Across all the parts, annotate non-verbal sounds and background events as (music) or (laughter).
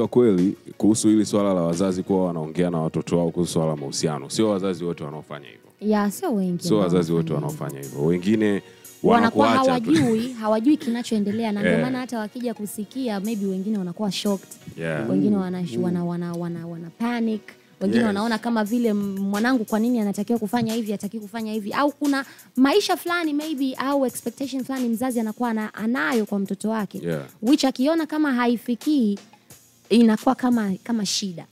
wa kweli kuhusu hili swala la wazazi kuwa wanaongea na watoto wao kuhusu swala la mahusiano. Sio wazazi wote wanaofanya hivyo. Yeah, sio wengi. Sio wazazi wote wanaofanya hivyo. Wengine wanakuwa hawajui (laughs) hawajui kinachoendelea na ndio yeah. maana hata wakija kusikia maybe wengine wanakuwa shocked. Yeah. Wengine mm. wana, mm. wana, wana, wana, wana panic wengine yes. wanaona kama vile mwanangu kwa nini anatakiwa kufanya hivi ataki kufanya hivi au kuna maisha fulani maybe au expectation fulani mzazi anakuwa anayo kwa mtoto wake yeah. which akiona kama haifikii inakuwa kama kama shida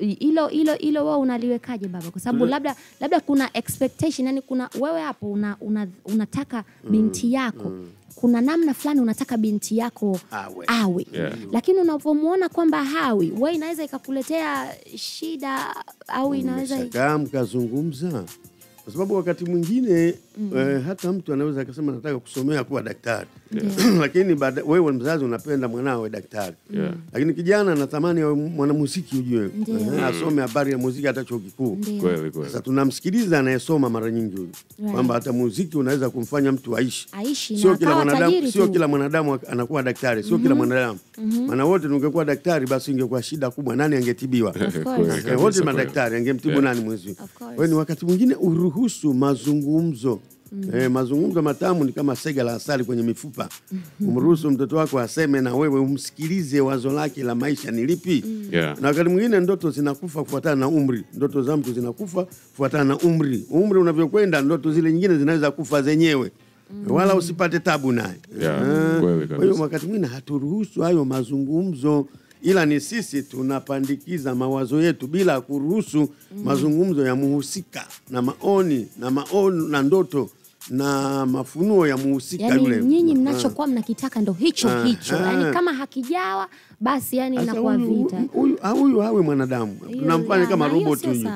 hilo hilo hilo wao unaliwekaje baba kwa sababu mm. labda labda kuna expectation yani kuna wewe hapo una, una, unataka mm, binti yako mm. kuna namna fulani unataka binti yako awe, awe. Yeah. lakini unavyomwona kwamba hawi wewe inaweza ikakuletea shida au mm, inaweza mkazungumza kwa sababu wakati mwingine mm. eh, hata mtu anaweza akasema nataka kusomea kuwa daktari yeah. (clears throat) lakini baada, wewe mzazi unapenda mwanao awe daktari yeah. lakini kijana anatamani awe mwanamuziki ujue yeah. asome habari ya muziki hata chuo kikuu sasa tunamsikiliza anayesoma mara nyingi huyu right. kwamba hata muziki unaweza kumfanya mtu aishi, aishi sio kila mwanadamu sio kila mwanadamu anakuwa daktari sio mm -hmm. kila mm-hmm. mwanadamu mm -hmm. maana wote tungekuwa daktari basi ingekuwa shida kubwa nani angetibiwa (laughs) eh, wote madaktari angemtibu nani mwezi kwa ni wakati mwingine uruhusu mazungumzo mm. E, mazungumzo matamu ni kama sega la asali kwenye mifupa. (laughs) Umruhusu mtoto wako aseme na wewe umsikilize, wazo lake la maisha ni lipi? mm. yeah. Na wakati mwingine ndoto zinakufa kufuatana na umri. Ndoto za mtu zinakufa kufuatana na umri. Umri unavyokwenda, ndoto zile nyingine zinaweza kufa zenyewe. Mm. Wala usipate tabu naye. Eh. kwa hiyo wakati mwingine haturuhusu hayo mazungumzo ila ni sisi tunapandikiza mawazo yetu bila kuruhusu mm. mazungumzo ya muhusika na maoni na maono na ndoto na mafunuo ya muhusika yani, yule. Nyinyi mnachokuwa mnakitaka ndo hicho ha, hicho aa. Yani kama hakijawa basi yani inakuwa vita. Huyu hawi mwanadamu, tunamfanya kama robot huyu,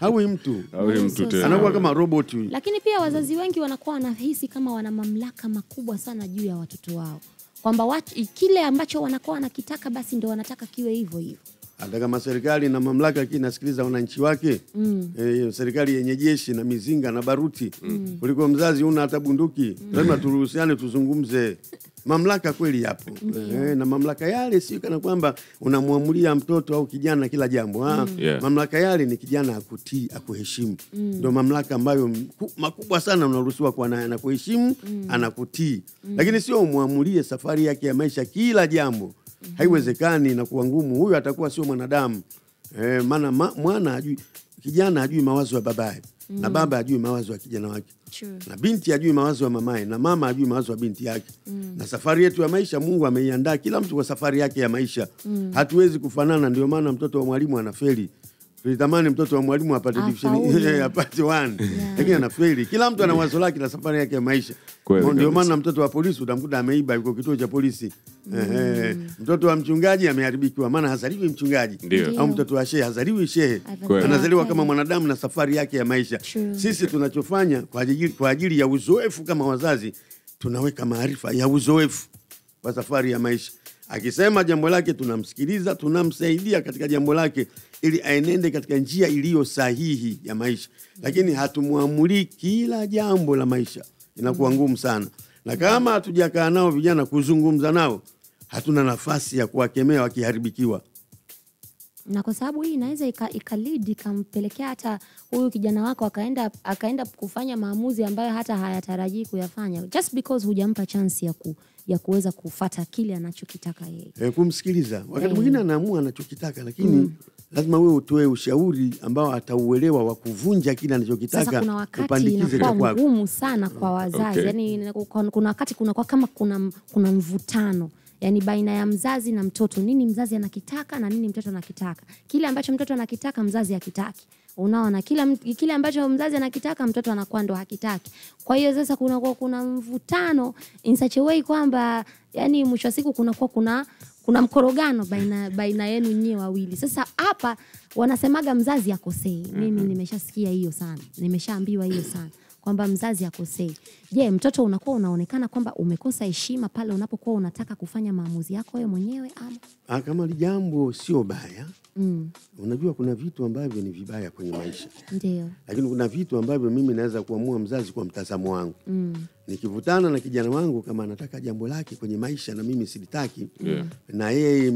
hawi mtu, hawi mtu tena, anakuwa kama robot huyu. Lakini pia wazazi wengi wanakuwa wanahisi kama wana mamlaka makubwa sana juu ya watoto wao, kwamba kile ambacho wanakuwa wanakitaka basi ndo wanataka kiwe hivyo hivyo hata kama serikali na mamlaka lakini nasikiliza wananchi wake mm. E, serikali yenye jeshi na mizinga na baruti mm. Kuliko mzazi una hata bunduki mm. Lazima turuhusiane tuzungumze. Mamlaka kweli yapo mm -hmm. E, na mamlaka yale sio kana kwamba unamwamulia mtoto au kijana kila jambo ah. mm. yeah. Mamlaka yale ni kijana akutii, akuheshimu mm. ndio mm. mamlaka ambayo makubwa sana unaruhusiwa kuwa naye, anakuheshimu mm. anakutii mm. Lakini sio umwamulie safari yake ya maisha kila jambo mm-hmm. haiwezekani inakuwa ngumu huyu atakuwa sio mwanadamu e, maana ma, mwana ajui kijana ajui mawazo ya babaye mm. na baba ajui mawazo ya kijana wake True. na binti hajui mawazo ya mamaye na mama ajui mawazo ya binti yake mm. na safari yetu ya maisha mungu ameiandaa kila mtu kwa safari yake ya maisha mm. hatuwezi kufanana ndio maana mtoto wa mwalimu anafeli mm tulitamani mtoto wa mwalimu apate ah, divisheni (laughs) apate one (laughs) lakini anafeli. Kila mtu ana wazo lake na safari yake ya maisha. Ndio maana mtoto wa polisi utamkuta ameiba, yuko kituo cha polisi mm. Ehe. Mtoto wa mchungaji ameharibikiwa, maana hazaliwi mchungaji au mtoto wa shehe hazaliwi shehe, anazaliwa kama mwanadamu na safari yake ya maisha Sisi tunachofanya kwa ajili, kwa ajili ya uzoefu kama wazazi, tunaweka maarifa ya uzoefu wa safari ya maisha Akisema jambo lake tunamsikiliza, tunamsaidia katika jambo lake ili aenende katika njia iliyo sahihi ya maisha, lakini hatumwamulii kila jambo la maisha, inakuwa ngumu sana. Na kama hatujakaa nao vijana kuzungumza nao, hatuna nafasi ya kuwakemea wakiharibikiwa na kwa sababu hii inaweza ikalidi ikampelekea hata huyu kijana wako akaenda akaenda kufanya maamuzi ambayo hata hayatarajii kuyafanya just because hujampa chansi ya, ku, ya kuweza kufata kile anachokitaka yeye e, kumsikiliza wakati e. mwingine anaamua anachokitaka lakini mm. lazima wewe utoe ushauri ambao atauelewa wa kuvunja kile anachokitaka kuna wakati inakuwa ngumu sana kwa wazazi okay. yani, kuna wakati kunakuwa kama kuna, kuna mvutano mm yani baina ya mzazi na mtoto, nini mzazi anakitaka na nini mtoto anakitaka. Kile ambacho mtoto anakitaka mzazi hakitaki unaona kila kile ambacho mzazi anakitaka mtoto anakuwa ndo hakitaki kwa hiyo sasa kunakuwa kuna mvutano in such a way kwamba yani mwisho wa siku kunakuwa kuna kuna mkorogano baina baina yenu nyie wawili sasa hapa wanasemaga mzazi akosei mimi nimeshasikia hiyo sana nimeshaambiwa hiyo sana kwamba mzazi akosei. Je, mtoto unakuwa unaonekana kwamba umekosa heshima pale unapokuwa unataka kufanya maamuzi yako wewe mwenyewe ama? Ah, kama jambo sio baya mm. Unajua kuna vitu ambavyo ni vibaya kwenye maisha ndio, lakini kuna vitu ambavyo mimi naweza kuamua mzazi kwa mtazamo wangu mm nikivutana na kijana wangu kama anataka jambo lake kwenye maisha na mimi silitaki yeah. na yeye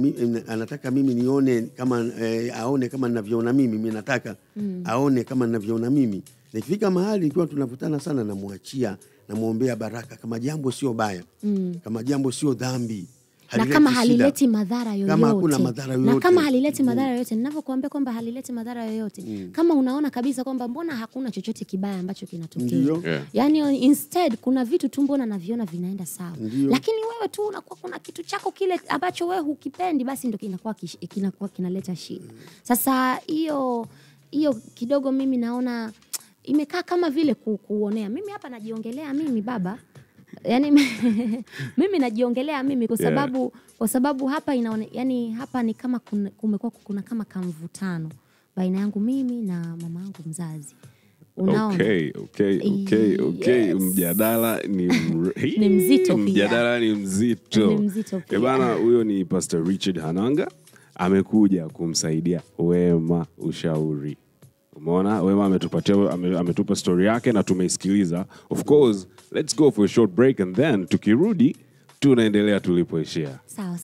anataka mimi nione kama e, aone kama ninavyoona mimi mi nataka mm. aone kama ninavyoona mimi nikifika mahali ikiwa tunavutana sana namwachia namwombea baraka kama jambo sio baya mm. kama jambo sio dhambi na kama halileti madhara yoyote, na kama halileti madhara yoyote, ninavyokuambia kwamba halileti madhara yoyote mm. kama unaona kabisa kwamba mbona hakuna chochote kibaya ambacho kinatokea yeah. yani instead kuna vitu tu mbona naviona vinaenda sawa, Ndiyo. lakini wewe tu unakuwa kuna kitu chako kile ambacho wewe hukipendi, basi ndio kinakuwa kinakuwa kinaleta shida mm. Sasa hiyo hiyo kidogo mimi naona imekaa kama vile kuonea. Mimi hapa najiongelea mimi baba yani (laughs) mimi najiongelea mimi kwa sababu yeah. kwa sababu hapa inaone, yani hapa ni kama kumekuwa kuna kama kamvutano baina yangu mimi na mama yangu mzazi Okay, okay, okay, okay. Yes. Mjadala ni, (laughs) ni mzito mjadala ni mzito, ni mzito eh, bana. Huyo ni Pastor Richard Hananga amekuja kumsaidia Wema Ushauri. Umeona Wema ametupatia ametupa story yake na tumeisikiliza. Of course, let's go for a short break and then tukirudi tunaendelea tulipoishia. Sawa.